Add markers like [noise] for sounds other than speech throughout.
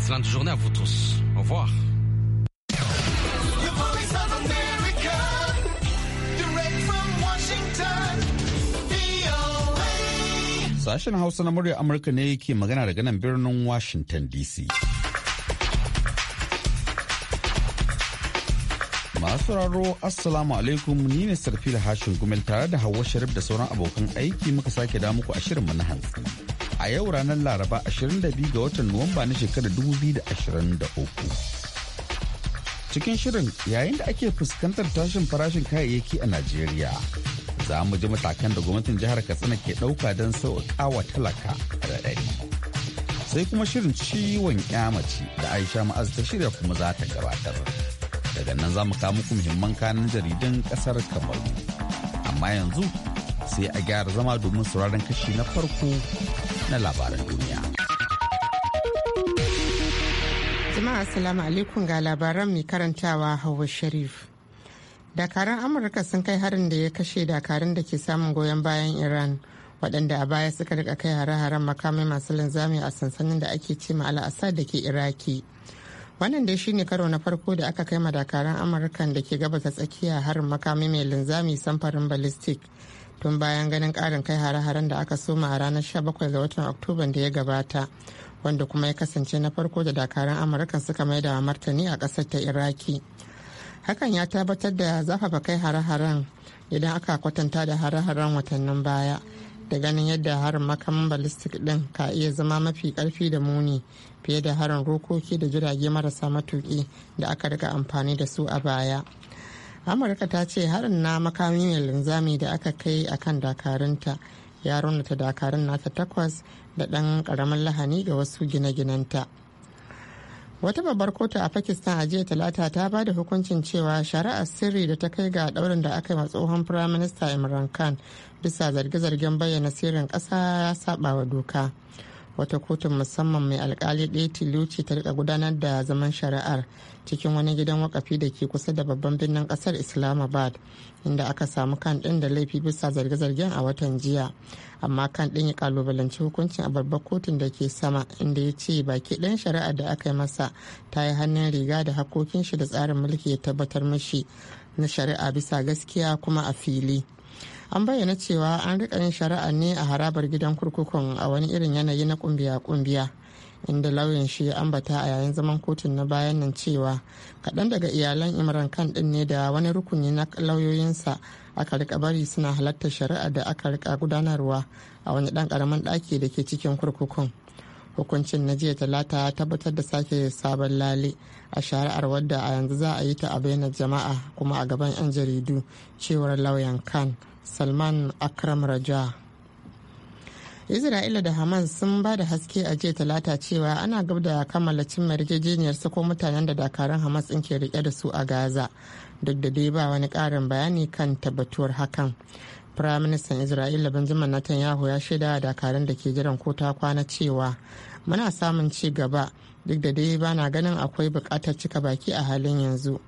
Excellente journée à vous tous. Au revoir. Sashen Hausa na murya Amurka ne yake magana daga nan birnin Washington DC. Masu raro Assalamu alaikum ni ne Sarfila Hashin Gumel tare da Hauwa Sharif da sauran abokan aiki muka sake da muku a shirin na hantsi. a yau ranar Laraba 22 ga watan Nuwamba na shekarar 2023. Cikin shirin yayin da ake fuskantar tashin farashin kayayyaki a Najeriya, za mu ji matakan da gwamnatin jihar Katsina ke ɗauka don wa talaka da dari. Sai kuma shirin ciwon mace da Aisha Ma'az ta shirya kuma za ta gabatar. Daga nan za mu kawo muku muhimman kanan jaridan ƙasar Kamaru. Amma yanzu sai a gyara zama domin sauraron kashi na farko na labaran duniya. Jama'a Assalamu alaikum ga labaran mai karantawa Hauwa Sharif. dakaran Amurka sun kai harin da ya kashe dakarun da ke samun goyon bayan Iran waɗanda a baya suka rika kai hare-haren makamai masu linzami a sansanin da ake ce ma al'asar da ke Iraki. Wannan dai shine karo na farko da aka kai ma dakaran Amurkan da ke gabata tsakiya harin makami mai linzami samfarin ballistic tun bayan ganin karin kai hare-haren da aka soma a ranar 17 ga watan oktoba da ya gabata wanda kuma ya kasance na farko da dakarun amurka suka maida wa martani a ƙasar ta iraki hakan ya tabbatar da zafafa kai hare-haren idan aka kwatanta da hare-haren watannin baya da ganin yadda harin makaman ballistic din ka iya zama mafi karfi da muni fiye da harin rokoki da jirage marasa matuki da aka riga amfani da su a baya. amurka ta ce harin na makami mai linzami da aka kai a akan dakarunta ya raunata dakarun nata takwas da ɗan ƙaramin lahani ga wasu gine-ginenta wata babbar kotu a pakistan a jiya talata ta ba da hukuncin cewa shari'ar sirri da ta kai ga daurin da aka yi tsohon firaminista imran khan bisa zarge-zargen bayyana sirrin ƙasa ya saba wa doka wata kotun musamman mai alkali ɗaya tilo ce ta rika gudanar da zaman shari'ar cikin wani gidan wakafi da ke kusa da babban birnin kasar islamabad inda aka samu kan ɗin da laifi bisa zarge-zargen a watan jiya amma kan ɗin ya kalubalanci hukuncin a babbar kotun da ke sama inda ya ce baki ɗan shari'ar da aka yi masa ta yi hannun riga da hakokin shi da tsarin mulki ya tabbatar mashi na shari'a bisa gaskiya kuma a fili. an bayyana cewa an rika yin shari'a ne a harabar gidan kurkukun a wani irin yanayi na kumbiya-kumbiya inda lauyin shi ya ambata a yayin zaman kotun na bayan nan cewa kaɗan daga iyalan imran kan ɗin ne da wani rukuni na lauyoyinsa aka rika bari suna halartar shari'a da aka rika gudanarwa a wani ɗan ƙaramin ɗaki da ke cikin kurkukun hukuncin na jiya talata ya tabbatar da sake sabon lale a shari'ar wadda a yanzu za a yi ta a bayyana jama'a kuma a gaban 'yan jaridu cewar lauyan khan salman akram raja isra'ila da hamas sun ba da haske a jiya talata cewa ana gab da kammala cimma yarjejeniyar ko mutanen da dakarun hamas in ke rike da su a gaza duk da dai ba wani karin bayani kan tabbatuwar hakan firaministan isra'ila benjamin netanyahu ya shaida dakarun da ke jiran ko ta kwana cewa muna samun ci gaba duk da dai na ganin akwai bukatar cika baki a halin yanzu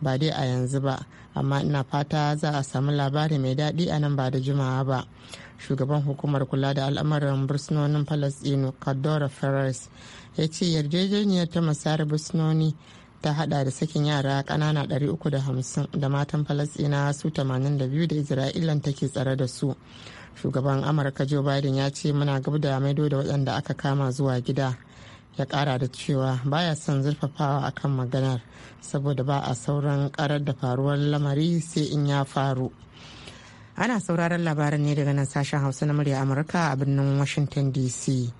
ba dai a yanzu ba amma ina fata za a samu labari mai daɗi a nan ba da jimawa ba shugaban hukumar kula da al'amuran bursunonin palestino kadora ferris ya ce yarjejeniyar ta masar bursunoni ta hada da sakin yara kanana 350 da matan palestina su 82 da isra'ilan take tsare da su shugaban amurka joe biden ya ce muna gab da maido da waɗanda aka kama zuwa gida ya kara da cewa baya son zurfafawa akan maganar saboda ba a sauran karar da faruwar lamari sai in ya faru ana sauraron labarin ne daga nan sashen hausa na murya amurka a birnin washington dc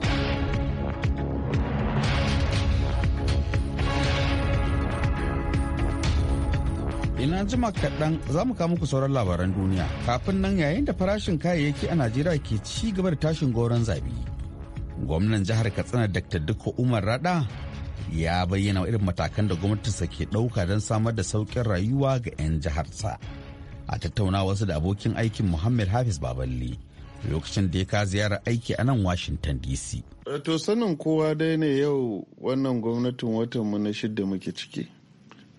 ina jima kaɗan za mu muku sauran labaran duniya kafin nan yayin da farashin kayayyaki a najeriya ke ci gaba da tashin goron zabi gwamnan jihar katsina dr dukko umar rada ya bayyana irin matakan da gwamnatinsa ke ɗauka don samar da saukin rayuwa ga 'yan jiharsa a tattauna wasu da abokin aikin muhammad hafiz baballe lokacin da ya ka ziyara aiki a nan washington dc eh, to sanin kowa dai ne yau wannan gwamnatin watan mu na shidda muke ciki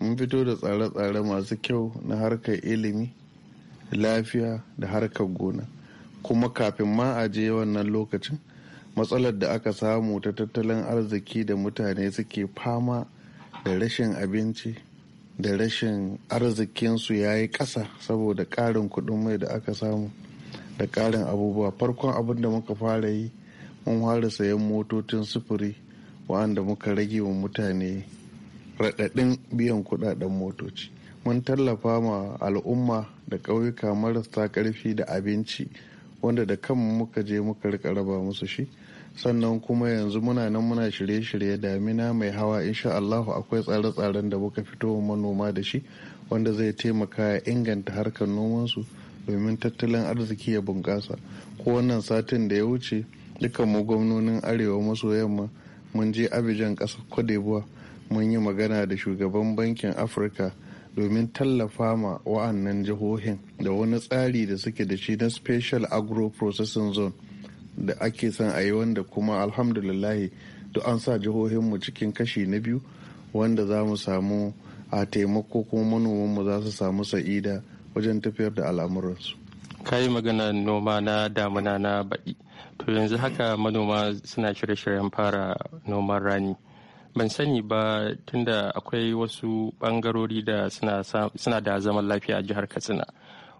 mun fito da tsare-tsare masu kyau na harkar ilimi lafiya da harkar gona kuma kafin ma a je wannan lokacin matsalar da aka samu ta tattalin arziki da mutane suke fama da rashin abinci da rashin arzikinsu ya yi ƙasa saboda ƙarin kuɗin mai da aka samu da ƙarin abubuwa farkon abin da muka fara yi mun fara sayan motocin sufuri wa'anda muka rage wa mutane raɗaɗin biyan kuɗaɗen motoci mun tallafa ma al'umma da ƙauyuka marasa ƙarfi da abinci wanda da kanmu muka je muka rika raba musu shi sannan kuma yanzu muna nan muna shirye-shirye damina mai hawa insha Allahu akwai tsare-tsaren da muka fito manoma da shi wanda zai taimaka ya inganta harkar nomansu domin tattalin arziki ya bunƙasa ko wannan satin da ya wuce dukan mu gwamnonin arewa maso yamma mun je abijan ƙasar kwadebuwa mun yi magana da shugaban bankin afirka domin tallafa ma wa'annan jihohin da wani tsari da suke da shi na special agro processing zone da ake son a yi wanda kuma alhamdulillahi duk an sa jihohinmu cikin kashi na biyu wanda za mu samu a taimako kuma manomanmu za su samu sa'ida wajen tafiyar da al'amuransu. ka yi magana noma na damuna na baɗi to yanzu haka manoma suna shirye-shiryen fara noman rani ban sani ba tunda akwai wasu bangarori da suna da zaman lafiya a jihar katsina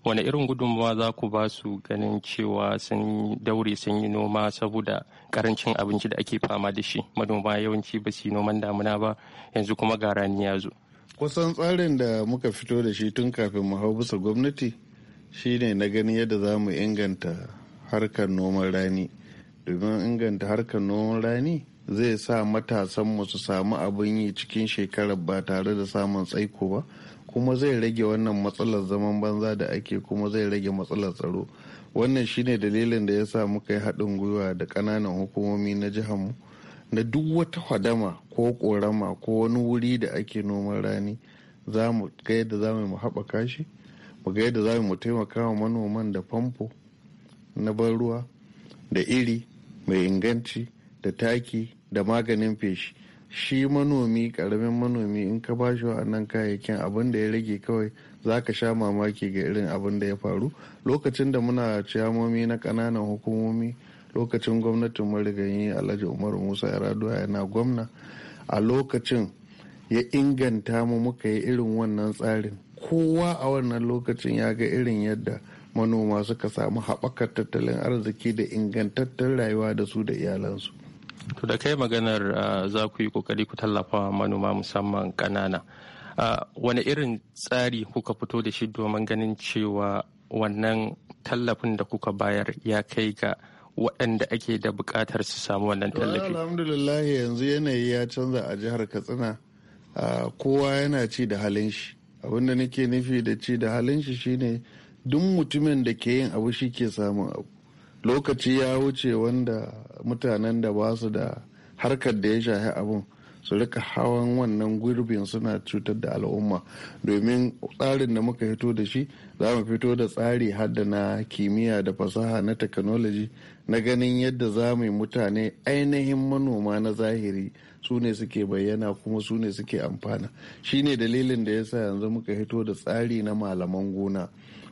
wani irin gudunmawa za ku ba su ganin cewa sun daure sun yi noma saboda karancin abinci da ake fama da shi manoma yawanci ba su noman damuna ba yanzu kuma ga rani ya zo kusan tsarin da muka fito da shi tun kafin mu hau bisa gwamnati shine na ganin yadda za mu inganta harkar noman rani domin inganta harkar noman rani zai sa matasan mu su samu abin yi cikin shekarar ba tare da samun tsaiko ba kuma zai rage wannan matsalar zaman banza da ake kuma zai rage matsalar tsaro wannan shine dalilin da ya sa muka yi haɗin gwiwa da ƙananan hukumomi na jihanmu na duk wata hadama ko ƙorama ko wani wuri da ake noman rani za mu ga yadda za mu haɓaka shi mu ga yadda za mu taimaka wa manoman da famfo na ban ruwa da iri mai inganci da taki da maganin feshi shi manomi karamin manomi in ka ba shi wa'annan kayayyakin abin da ya rage kawai za ka sha mamaki ga irin abin da ya faru lokacin da muna ciyamomi na kananan hukumomi lokacin gwamnatin marigayi alhaji umaru musa raduwa yana gwamna a lokacin ya inganta mu muka yi irin wannan tsarin kowa a wannan lokacin ya ga irin yadda manoma suka samu haɓakar tattalin arziki da ingantattun rayuwa da su da iyalansu To da kai maganar ah, za ku yi kokari ku tallafa manoma musamman ƙanana. Ah, Wani irin tsari kuka fito da shi domin ganin cewa wannan tallafin da kuka bayar ya kai ga waɗanda ake da buƙatar su samu wannan tallafi. Alhamdulillah yanzu yanayi ya canza a jihar Katsina ah, kowa yana ci da halin shi. Abin da nake nufi da ci da halin shi shine duk mutumin da ke yin abu shi ke samun abu. lokaci ya wuce wanda mutanen da ba su da harkar da ya shahi abun su rika hawan wannan gurbin suna cutar da al'umma domin tsarin da muka fito da shi za mu fito da tsari hada na kimiyya da fasaha na technology na ganin yadda za mu mutane ainihin manoma na zahiri su ne suke bayyana kuma su ne suke amfana shine dalilin da ya sa yanzu muka fito da tsari na malaman gona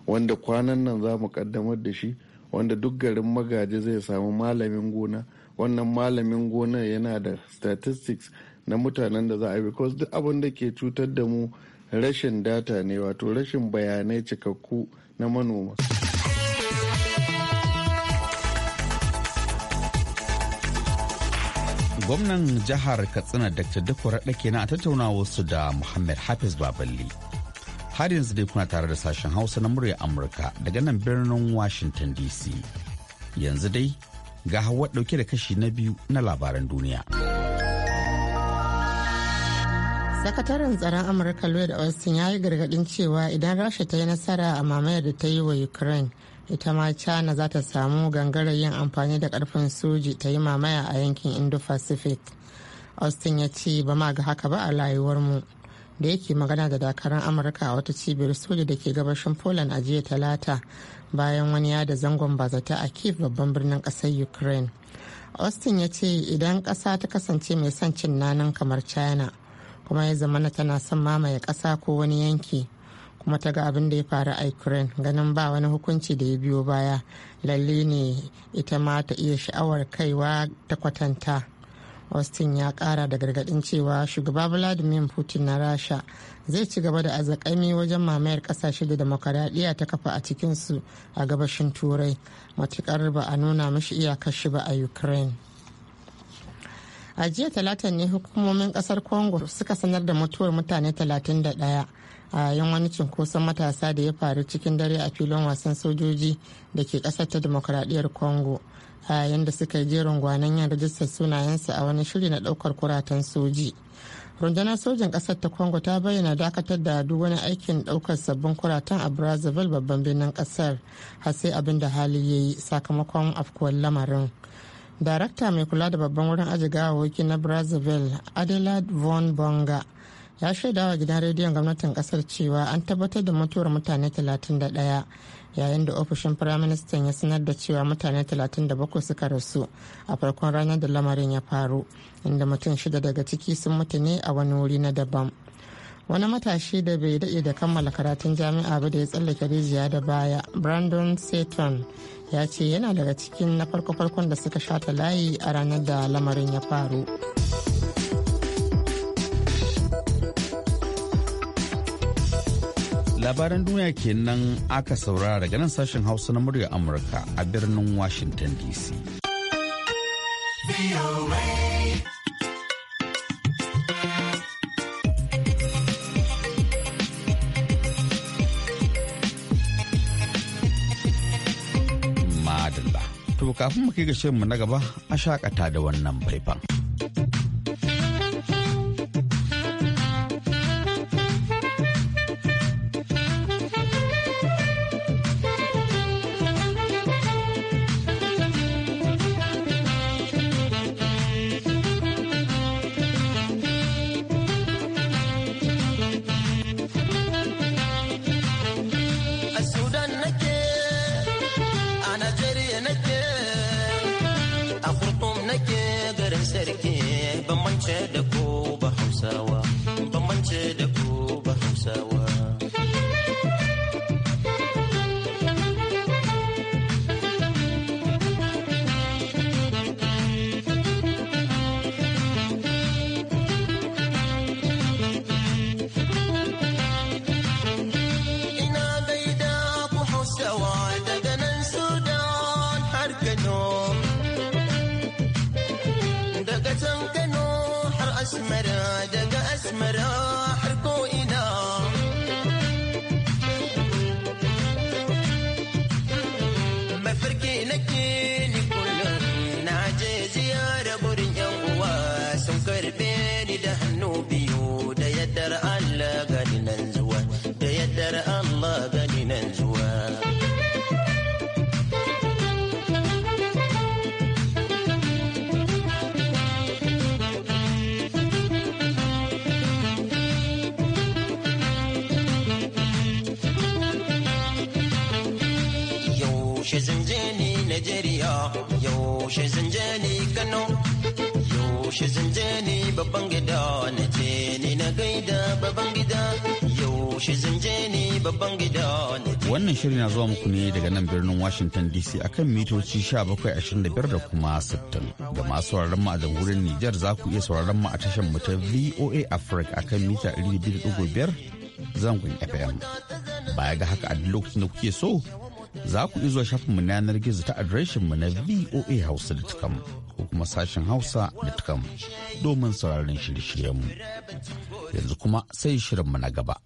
wanda kwanan nan za mu kaddamar da shi wanda duk garin magaji zai samu malamin gona wannan malamin gona yana da statistics na mutanen da za a bi because duk abin da ke cutar da mu rashin data ne wato rashin bayanai cikakku na manoma gwamnan jihar katsina dr dukwa raɗa kenan a tattaunawa su da muhammad hafiz baballe har yanzu dai kuna tare da sashen hausa na murya amurka daga nan birnin washington dc yanzu dai ga hawa dauke da kashi na biyu na labaran duniya sakataren tsaron amurka lloyd austin ya yi gargadin cewa idan rasha ta yi nasara a mamayar da ta yi wa ukraine ita ma china za ta samu gangarar yin amfani da karfin soji ta yi mamaya a yankin indo-pacific austin ya ce ba ma ga haka ba a rayuwar mu da yake magana da dakaran amurka a wata cibiyar soja da ke gabashin poland a jiya talata bayan wani yada zangon bazata a kiev babban birnin kasar ukraine austin ya ce idan kasa ta kasance mai son cin nanan kamar china kuma ya zamana tana son mamaye kasa ko wani yanki kuma ta ga abin da ya faru a ukraine ganin ba wani hukunci da ya biyo baya lalle ne ita ma ta iya sha'awar kaiwa ta kwatanta austin ya kara da gargadin cewa shugaba vladimir putin na rasha zai ci gaba da azakami wajen mamayar kasashe da demokaradiyya ta kafa a cikinsu a gabashin turai matukar ba a nuna mashi iyakar shi ba a ukraine a jiya talata ne hukumomin kasar congo suka sanar da mutuwar mutane 31 a yan wani cunkoson matasa da ya faru cikin dare a filin wasan sojoji da ke ƙasar ta demokradiyyar congo a yayin da suka yi jerin gwanon yin rajistar sunayensu a wani shiri na daukar kuratan soji rundunar sojin ƙasar ta congo ta bayyana dakatar da duk wani aikin daukar sabbin kuratan a brazzaville babban birnin kasar har sai abin da hali ya yi sakamakon afkuwar lamarin darakta mai kula da babban wurin ajiye gawawaki na brazzaville adelaide von bonga ya shaida wa gidan rediyon gwamnatin kasar cewa an tabbatar da mutuwar mutane 31 yayin da ofishin firaministan ya sanar da cewa mutane 37 suka rasu a farkon ranar da lamarin ya faru inda mutum shida daga ciki sun mutu ne a wani wuri na daban wani matashi da bai daɗe da kammala karatun jami'a ba da ya tsallake rijiya da baya brandon seton ya ce yana daga cikin na farko-farkon da suka shata layi a ranar da lamarin ya faru. labaran duniya kenan aka saurara daga nan sashen hausa na murya amurka a birnin washington dc to kafin mu kai ga shirinmu na gaba a shakata da wannan faifan sarki ban mance da ko yaushe zanje babban gida na je na gaida babban gida yaushe zanje ni babban gida wannan shirin na zuwa muku ne daga nan birnin Washington DC akan mitoci 1725 da kuma 60 da masu sauraron mu a jamhuriyar Nijar za ku iya sauraron mu a tashar mu ta VOA Africa akan mita 200.5 zangon FM baya ga haka a duk lokacin da kuke so za ku izo mu na yanar gizo ta mu na voa hausa.com ko kuma sashen hausa.com domin sauraron shirye-shiryenmu yanzu kuma sai shirinmu na gaba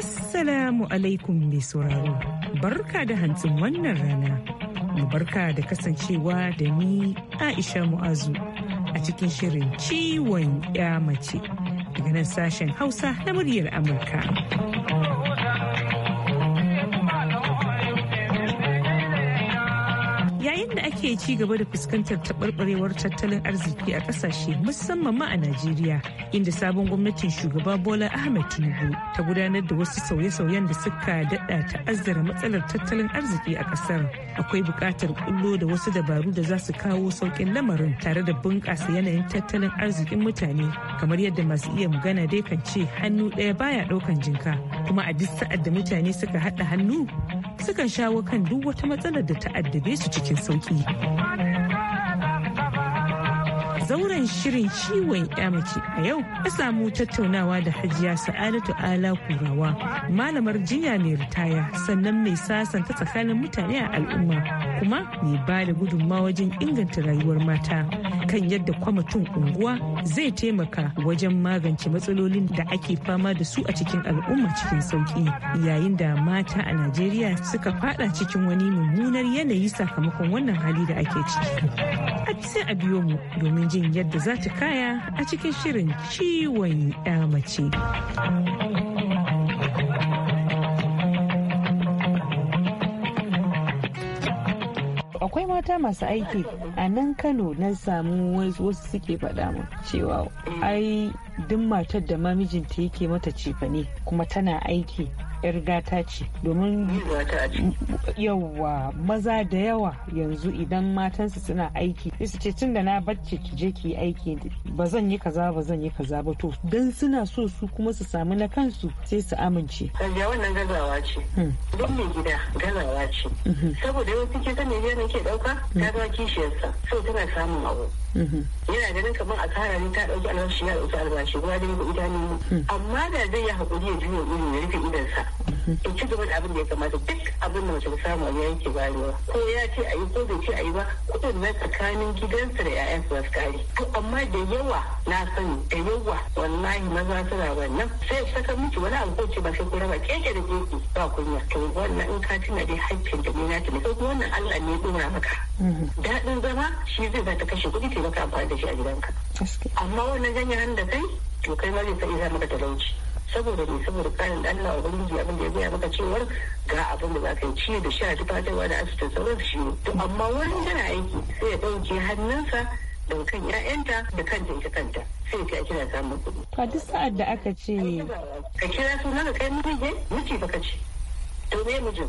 Assalamu alaikum mai sauraro, barka da hantsin wannan rana, mu barka da kasancewa da ni Aisha Mu'azu. cikin shirin ciwon ya mace daga nan sashen hausa na muryar amurka. ke ci gaba da fuskantar taɓarɓarewar tattalin arziki a ƙasashe musamman ma a Najeriya, inda sabon gwamnatin shugaba Bola Ahmed Tinubu ta gudanar da wasu sauye-sauyen da suka daɗa ta'azzara matsalar tattalin arziki a ƙasar. Akwai buƙatar kullo da wasu dabaru da za su kawo sauƙin lamarin tare da bunƙasa yanayin tattalin arzikin mutane, kamar yadda masu iya magana dai kan ce hannu ɗaya baya ɗaukan jinka, kuma a duk sa'ad da mutane suka haɗa hannu sukan shawo kan duk wata matsalar da ta addabe su cikin sauki. zauren shirin ciwon mace a yau ya samu tattaunawa da hajiya sa'adatu ala kurawa malamar jinya mai ritaya sannan mai sasanta tsakanin mutane a al'umma kuma mai ba da gudunmawa wajen inganta rayuwar mata kan yadda kwamitin unguwa zai taimaka wajen magance matsalolin da ake fama da su a cikin al'umma cikin sauki yayin da mata a najeriya suka fada cikin wani mummunar yanayi sakamakon wannan hali da ake ciki a sai a biyo mu domin jin yadda za ta kaya a cikin shirin ciwon ya mace akwai mata masu aiki a nan kano na samu wasu suke faɗa mu cewa ai duk matar da ma mijinta yake mata cefane kuma tana aiki yar gata ce domin yawa maza da yawa yanzu idan matansu suna aiki su ce tun da na bacci ki je ki aiki ba zan yi kaza ba zan yi kaza ba to dan suna so su kuma su samu na kansu sai su amince. Sanya wannan gazawa ce. Hmm. don mai gida gazawa ce. Mm-hmm. Saboda yau kike sani ne ke ɗauka ta mm-hmm. zama kishiyarsa so tana samun abu. Mm-hmm. Yana ganin kamar a kara ne ta ɗauki albashi ya dauki albashi guda da idanu. Mm. Amma da zai yi hakuri ya juya ido ya rufe idonsa. in ci gaba da abin da ya kamata duk abin da mace ta samu a yanke bayarwa ko ya ce a yi ko bai ce a yi ba kuɗin na tsakanin gidansa da 'ya'yan su wasu kare to amma da yawa na sani da yawa wallahi maza suna wannan sai saka miki wani abu ko ce ba sai ko raba keke da keke ba kunya to wannan in ka tuna dai hakkin da ni na tuni ko wannan Allah ne ya na maka mhm. daɗin zama shi zai ba ta kashe kuɗi ta maka amfani da shi a gidanka amma wannan ganyen da kai to kai ma zai sa iya maka talauci saboda me saboda karin Allah ubangiji abin da ya gaya maka cewar ga abin da zaka yi ciye da sha tufatarwa da asibitin sauran shi ne to amma wurin tana aiki sai ya dauke hannunsa daga kan 'ya'yanta da kanta ita kanta sai ta kira samun kuɗi. Ka duk sa'ad da aka ce. Ka kira suna ka kai miji miji baka ce. To me mijin?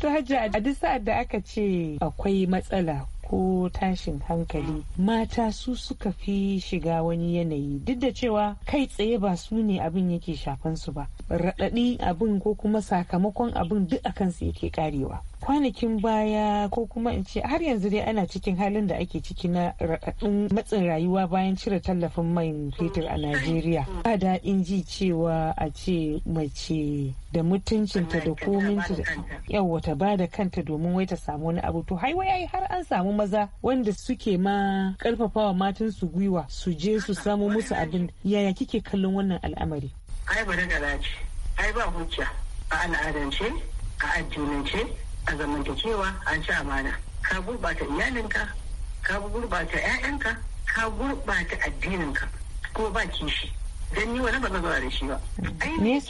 to hajji a duk sa'ad da aka ce akwai matsala ko tashin hankali mata su suka fi shiga wani yanayi duk da cewa kai tsaye ba su ne abin yake shafan su ba raɗaɗi abin ko kuma sakamakon abin duk a kansu yake karewa kwanakin baya ko kuma in ce har yanzu dai ana cikin halin da ake ciki na raɗaɗin matsin rayuwa bayan cire tallafin man fetur a Najeriya. Ba daɗin ji cewa a ce mace da mutuncinta da kominta da yawa ta ba da kanta domin wai ta samu wani abu to hai wai har an samu maza wanda suke ma karfafawa matan su gwiwa su je su samu musu abin yaya kike kallon wannan al'amari. Ai ba da ai ba hujja a al'adance a addinance a zamantakewa an ci amana ka gurɓata iyalinka ka gurɓata 'ya'yanka ka gurɓata addininka ko ba kishi dan ni wani ba zama da shi ba ai ne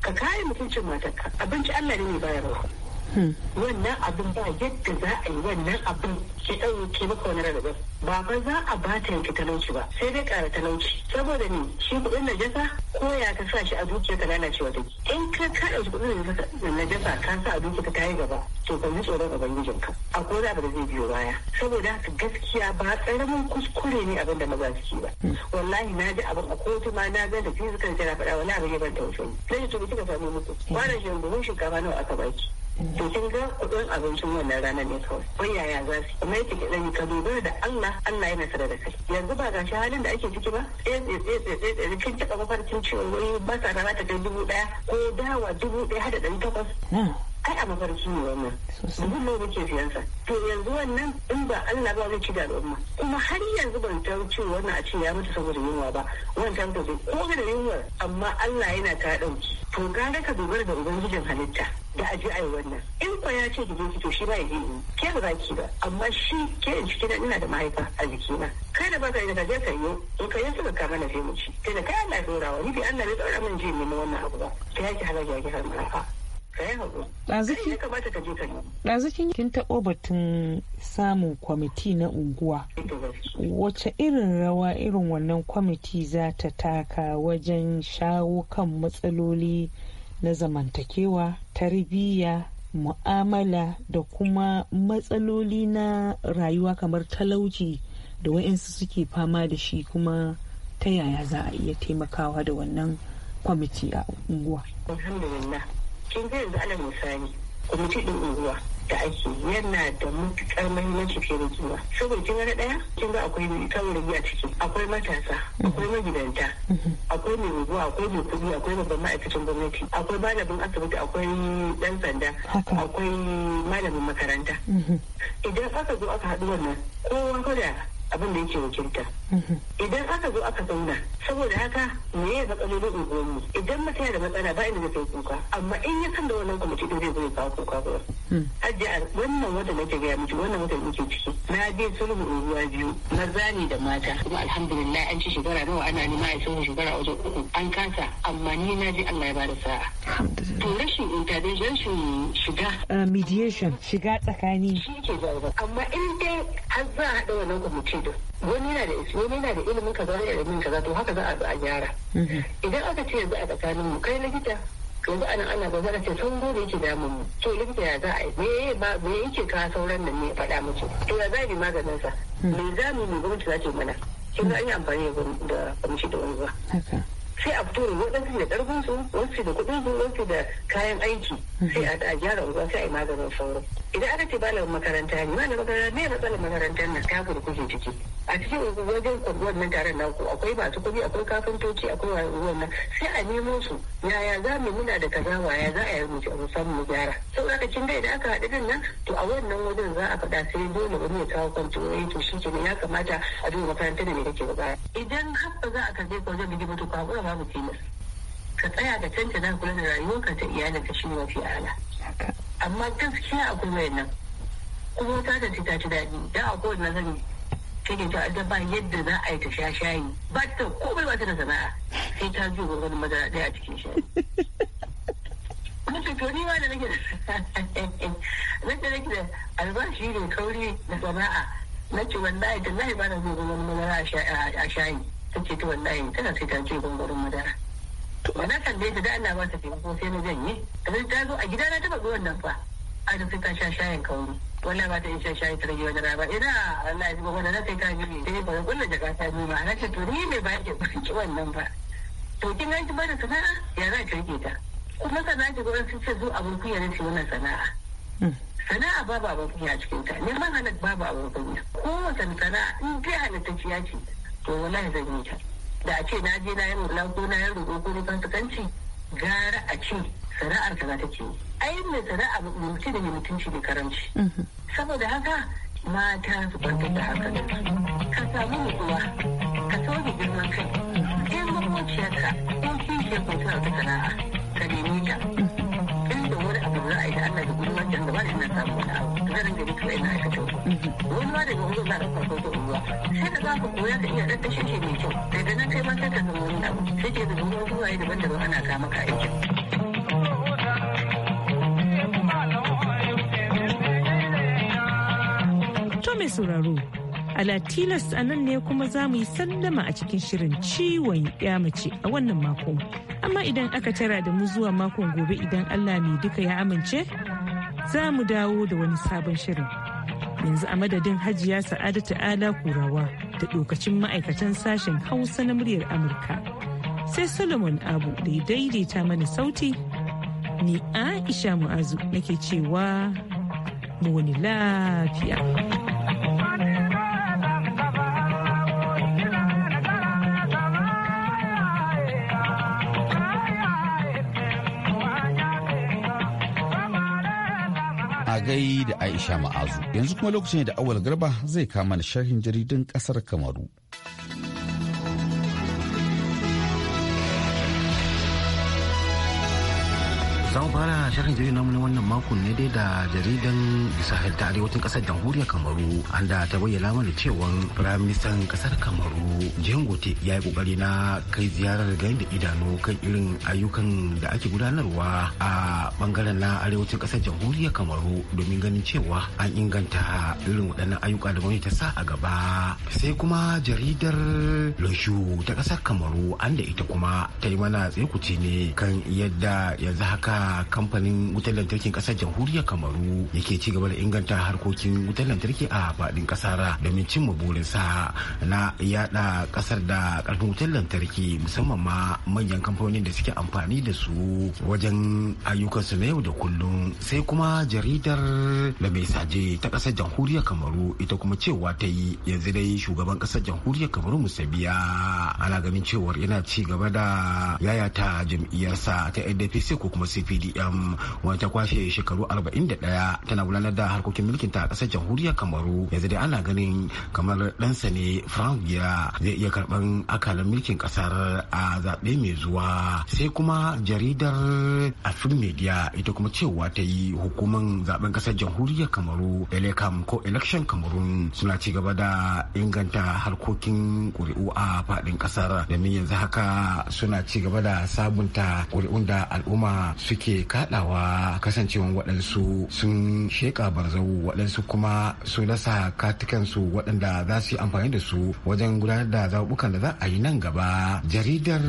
ka kare mutuncin matarka abinci Allah ne mai bayarwa wannan abin ba yadda za a yi wannan abin ki ɗauke maka wani rarrabe ba ba za a ba ta yanke talauci ba sai dai ƙara talauci saboda ni shi kuɗin najasa ko ya ka sa shi a dukiya ta lalace wata in ka ka ɗauki kuɗin najasa ka sa a dukiya ka tayi gaba to ka yi tsoron ubangijin ka a da zai biyo baya saboda haka gaskiya ba ƙaramin kuskure ne abin da maza ki ba wallahi na ji abin a kotu ma na ga da fizikal tana faɗa wani abin ya ban tausayi sai to kika samu muku kwanan shi buhun shinkafa nawa aka baki to kin ga kudin abincin wannan ranar ne kawai wai yaya za su kuma yake kiɗan ka dogara da Allah Allah yana sanar da kai yanzu ba ga shi halin da ake ciki ba tsaye tsaye tsaye tsaye kin taɓa mafarkin cewa wai ba sa rana ta kai dubu ɗaya ko dawa dubu ɗaya hada ɗari takwas hmm. ai a mafarki ne wannan bugun ne muke siyansa to yanzu wannan in ba Allah ba zai ci da al'umma kuma har yanzu ban san cewa wannan a ce ya mutu saboda yunwa ba wannan ta ko da yunwa amma Allah yana ta ɗauki to gara ka dogara da ubangijin halitta da aje a yi wannan in kwa ya ce da fito shi ba ya je yi ke ba za ki ba amma shi ke in cikin ina da mahaifa a jikina kai da ba ka yi da je ka yi in ka yi suka kama na sai mu ci kai da kai Allah ya dora wa ni bi Allah ne dora min je nemi wannan abu ba ya ki halaga ya ki har mahaifa ɗazikin kin taɓo batun samun kwamiti na unguwa eh, wace irin rawa irin wannan kwamiti za ta taka wajen shawo kan matsaloli na zamantakewa tarbiyya mu'amala da kuma matsaloli na rayuwa kamar talauci da wa'insu suke fama da shi kuma ta yaya za a iya taimakawa da wannan kwamiti a unguwa. alhamdulillah kin yanzu ana musani kwamiti din unguwa da ake yana da matukar mahimmanci fiye da kima saboda kin na daya kin ga akwai kawai a ciki akwai matasa akwai magidanta akwai mai rubu akwai mai kuɗi akwai babban ma'aikacin gwamnati akwai malamin asibiti akwai ɗan sanda akwai malamin makaranta mhm. idan aka zo aka haɗu wannan kowa da abin da yake wakilta mhm. idan aka zo aka zauna saboda haka me ya matsalolin unguwanmu idan mutum yana da matsala ba inda zai kuka amma in ya san da wannan kwamiti din zai zo ya kawo kuka ba hmm. hajji wannan wata nake gaya miki wannan wata nake ciki na je sulhu unguwa biyu maza ne da mata kuma alhamdulillah an ci shekara nawa ana nema a sulhu shekara wajen uku an kasa amma ni na je Allah ya bada sa'a to rashin intervention rashin shiga eh, mediation shiga tsakani shi ke amma in dai an za a haɗa wannan kwamiti din wani yana da wani yana da ilimin kaza wani ilimin kaza to haka za a a gyara mhm. idan aka ce yanzu a tsakanin mu kai likita yanzu anan ana ba za a ce sun gode yake damu mu to likita ya za a yi me ba me yake ka sauran nan ne faɗa musu to ya za maganin sa hmm. me za mu yi gwamnati za ta yi mana kin ga an yi amfani da kwamiti da wani ba sai a fito da waɗansu da ƙarfin su wasu da kuɗin su wasu da kayan aiki sai a gyara unguwa sai a yi maganin sauro idan aka ce malamin makaranta ne na makaranta ne matsalar makarantar na ta kuke ciki a cikin wajen nan taron na ku akwai masu kuɗi akwai kafintoci akwai nan sai a nemo su yaya za mu muna da kaza waya za a yi mu samu mu gyara sau da kin da aka haɗu din nan to a wannan wajen za a faɗa sai dole wani ya kawo wani to shi kenan ya kamata a duba makarantar da ne kake baya. idan har za a kaje ka wajen bigi mutu samu mu ke ka tsaya ka cancana kula da rayuwarka ta ka shi mafi ala amma gaskiya akwai kuma yana kuma wata da ta ci daɗi da a kowane nazari yi ta adda ba yadda za a yi ta sha shayi ba ta komai ba ta da sana'a sai ta zo wani madara ɗaya a cikin shayi mutum to ni ma da nake da [laughs] nake da albashi ne kauri da sana'a na ce da tallahi ba na zo wani madara a shayi ta ce ta wallahi tana sai ta je gwangwarin madara da na kalle ta da Allah ba ta taimako sai na janye da zai ta zo a gida na taba ga wannan fa a da ta sha shayin kauri wannan ba ta yi sha shayin ta rage wani raba ina Allah ya ji gwangwarin na kai ta bibi sai ba kullum jaka ta bibi ma na ce to ni ne ba ke ki wannan ba to kin ga ki bada sana'a ya za ki rike ta kuma sana'a ki gwangwarin sun ce zo abun kunya ne ce wannan sana'a hmm. sana'a babu abin kunya cikin ta neman halatta babu abin kunya kowace sana'a in dai halatta ciya ce to nan zan yi ta da a ce na je na yi na ko na yi roƙo ko roƙon gara a ce sana'ar ta ta ce ai mai sana'a mutum da mai mutunci da karanci mhm. saboda haka mata su kwantar da haka ka samu nutsuwa ka sauke girman kai in makociyarka ko kishiyar mutum a sana'a ka nemi ta mhm. inda wani abu za a yi da Allah da gudu aikin gaba da ina samu wani abu zan rinka duk wa'in na aikata wani ma daga wani zara farko da ruwa sai da za ka koya ka iya ɗan tashe mai kyau daga nan kai ma sai ka zama wani abu sai ke zama wani ruwaye daban-daban ana kama ka aikin. mai sauraro ala tilas a nan ne kuma za mu yi sallama a cikin shirin ciwon ya mace a wannan makon amma idan aka tara da mu zuwa makon gobe idan allah mai duka ya amince za mu dawo da wani sabon shirin. Yanzu a madadin Hajiya Sa'adatu Ala Kurawa da ɗokacin ma'aikatan sashen Hausa na muryar Amurka. Sai Solomon Abu da ya daidaita mana sauti, ni Aisha Mu'azu nake cewa mu wani lafiya. gai da Aisha Ma'azu. Yanzu kuma lokacin da awal garba zai kama da sharhin jaridun kasar Kamaru. za mu fara shirin jirgin namu na wannan makon ne dai da jaridan sahel ta arewacin kasar jamhuriyar kamaru an da ta bayyana mana cewa firaministan kasar kamaru jengote ya yi kokari na kai ziyarar gani da idanu kan irin ayyukan da ake gudanarwa a bangaren na arewacin kasar jamhuriyar kamaru domin ganin cewa an inganta irin waɗannan ayyuka da gwamnati ta sa a gaba sai kuma jaridar lushu ta kasar kamaru an da ita kuma ta yi mana tsaye ne kan yadda yanzu haka kamfanin wutar lantarkin kasar jamhuriyar kamaru yake ci gaba da inganta harkokin wutar lantarki a faɗin kasar domin cimma sa na yada kasar da karfin wutar lantarki musamman ma manyan kamfanonin da suke amfani da su wajen ayyukansu na yau da kullum sai kuma jaridar da mai saje ta kasar jamhuriyar kamaru ita kuma cewa ta yi yanzu dai shugaban kasar jamhuriyar kamaru musabiya ana ganin cewar yana ci gaba da yayata jam'iyyarsa ta ndpc ko kuma cp pdm wanda ta kwashe shekaru 41 tana gudanar da harkokin mulkin ta a ƙasar jamhuriyar kamaru yanzu dai ana ganin kamar ɗansa ne frank Gira zai iya karɓan akalan mulkin ƙasar a zaɓe mai zuwa sai kuma jaridar Afrin media ita kuma cewa ta yi hukumar zaben ƙasar jamhuriyar kamaru elekam ko election Cameroon suna ci gaba da inganta harkokin ƙuri'u a faɗin ƙasar domin yanzu haka suna ci gaba da sabunta ƙuri'un da al'umma suke ke kaɗawa kasancewan waɗansu sun sheka barzau waɗansu kuma su rasa katikansu waɗanda za su yi amfani da su wajen gudanar da zaɓukan da za a yi nan gaba jaridar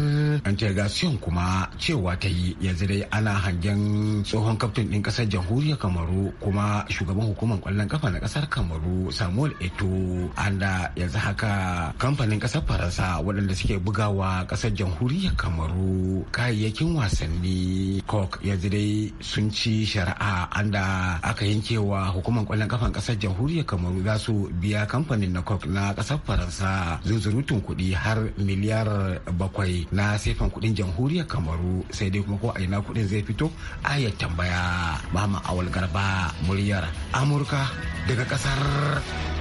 integration kuma cewa ta yi yanzu dai ana hangen tsohon kaftin ɗin ƙasar jamhuriyar kamaru kuma shugaban hukumar ƙwallon ƙafa na ƙasar kamaru samuel eto anda yanzu haka kamfanin ƙasar faransa waɗanda suke bugawa ƙasar jamhuriyar kamaru kayayyakin wasanni cork yanzu dai sun ci shari'a anda aka yankewa hukumar kwallon kafan kasar jamhuriyar kamaru za su biya kamfanin na coke na kasar faransa zuzurutun kuɗi har miliyar bakwai na sefan kuɗin jamhuriyar kamaru sai dai kuma ko a ina kuɗin zai fito a ya tambaya mama awal garba muryar amurka daga kasar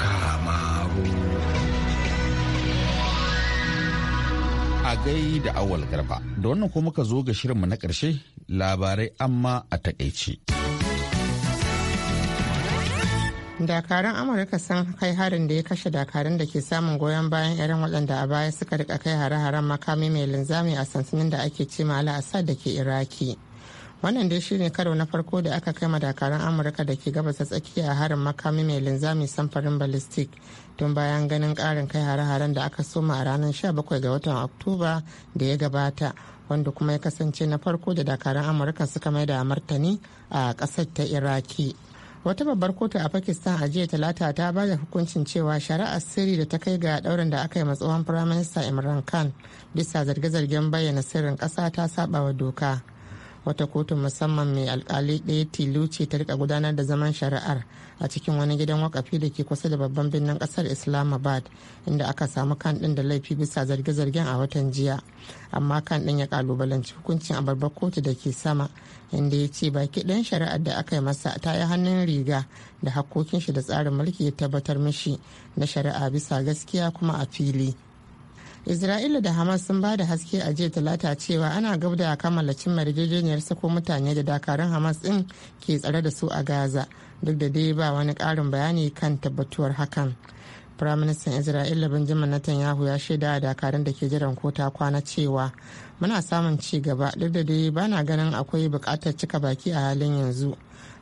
kamaru. agai da awal garba. Da wannan kuma muka zo ga shirinmu na ƙarshe labarai amma a takaice. Dakaran Amurka sun kai harin da ya kashe dakaran da ke samun goyon bayan irin waɗanda a baya suka rika kai hare-haren makami mai linzami a sansanin da ake ce ma Assad da ke Iraki. Wannan dai shine karo na farko da aka kai ma dakaran Amurka da ke gabata tsakiya a harin makami mai linzami samfarin ballistic tun bayan ganin karin kai hare-haren da aka soma a ranar 17 ga watan oktoba da ya gabata wanda kuma ya kasance na farko da dakarun amurka suka mai da martani a ƙasar ta iraki wata babbar kotu a pakistan a jiya talata ta ba da hukuncin cewa shari'ar sirri da ta kai ga daurin da aka yi matsohon firaminista imran khan bisa zarge-zargen bayyana sirrin ƙasa ta saba wa doka wata kotu musamman mai alkali ɗaya tilo ce ta rika gudanar da zaman shari'ar a cikin wani gidan wakafi da ke kusa da babban birnin kasar islamabad inda aka samu kan ɗin da laifi bisa zarge-zargen a watan jiya amma kan ɗin ya kalubalanci hukuncin a babbar kotu da ke sama inda ya ce baki ɗan shari'ar da aka yi masa ta yi hannun riga da hakkokin shi da tsarin mulki ya tabbatar mishi na shari'a bisa gaskiya kuma a fili. isra'ila da hamas sun ba da haske a jiya talata cewa ana gab da kammala cimma yarjejeniyar sako mutane da dakarun hamas din ke tsare da su a gaza duk da dai ba wani karin bayani kan tabbatuwar hakan firaministan isra'ila benjamin netanyahu ya shaida a dakarun da ke jiran ta kwana cewa muna samun ci gaba duk da dai bana ganin akwai bukatar cika baki a halin yanzu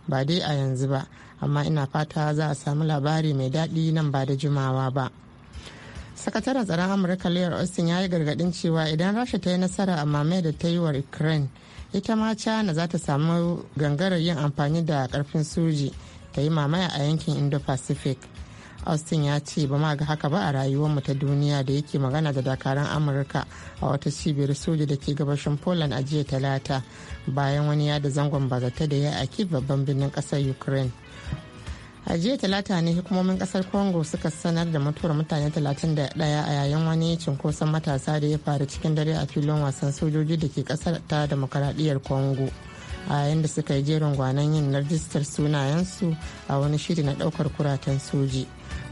ba dai a yanzu ba amma ina fata za a samu labari mai daɗi nan ba da jimawa ba. sakataren tsaron amurka lear austin ya yi gargadin cewa idan rasha ta yi nasara a mamaye da ta yi wa ukraine ita ma china za ta samu gangarar yin amfani da karfin soji ta yi mamaya a yankin indo-pacific austin ya ce ba ma ga haka ba a rayuwarmu ta duniya da yake magana da dakaran amurka a wata cibiyar soja da ke gabashin poland a jiya talata bayan wani yada zangon bazata da ya aki babban birnin kasar ukraine a jiya talata ne hukumomin kasar congo suka sanar da mutuwar mutane 31 a yayin wani cinkoson matasa da ya faru cikin dare a filin wasan sojoji da ke kasar ta demokaradiyyar congo a yayin da suka yi jerin gwanon yin rajistar sunayensu a wani shiri na daukar kuratan soji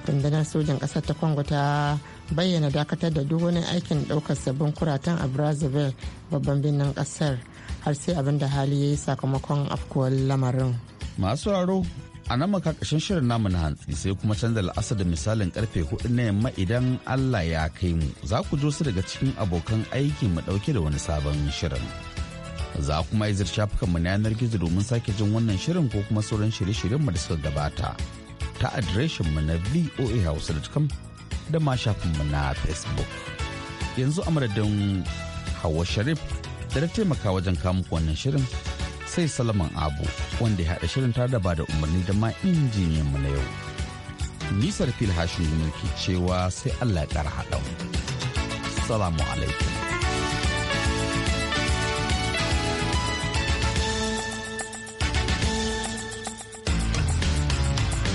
rundunar sojin kasar ta congo ta bayyana dakatar da duk wani aikin daukar sabbin kuratan a brazzaville babban birnin kasar har sai abin da hali ya yi sakamakon afkuwar lamarin masu raro a nan maka shirin namu na hantsi sai kuma canza la'asar da misalin karfe hudu na yamma idan Allah ya kai mu za ku su daga cikin abokan aiki mu ɗauke da wani sabon shirin. Za kuma yi shafukan mu na yanar gizo domin sake jin wannan shirin ko kuma sauran shirye-shiryen mu da suka gabata ta adireshin mu na voahouse.com da ma shafin mu na Facebook. Yanzu a madadin Hawa Sharif da ta taimaka wajen kamun wannan shirin sai Salman Abu wanda ya haɗa shirin tare da bada umarni da ma injiniyan mu na yau. Nisar fil hashin ke cewa sai Allah ya ƙara haɗa. mu. Salamu alaikum.